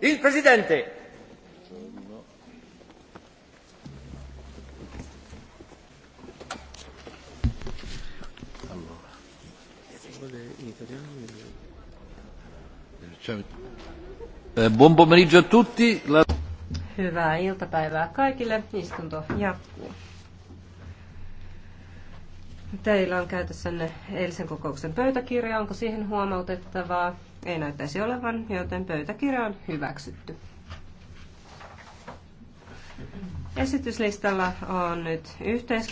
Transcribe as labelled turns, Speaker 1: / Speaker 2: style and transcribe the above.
Speaker 1: Il Presidente.
Speaker 2: Eh, buon pomeriggio a tutti.
Speaker 3: Hyvää iltapäivää kaikille. Istunto jatkuu. Teillä on käytössänne
Speaker 4: eilisen kokouksen pöytäkirja. Onko siihen huomautettavaa? Ei näyttäisi olevan, joten pöytäkirja on hyväksytty. Esityslistalla on nyt yhteiskeskustelu.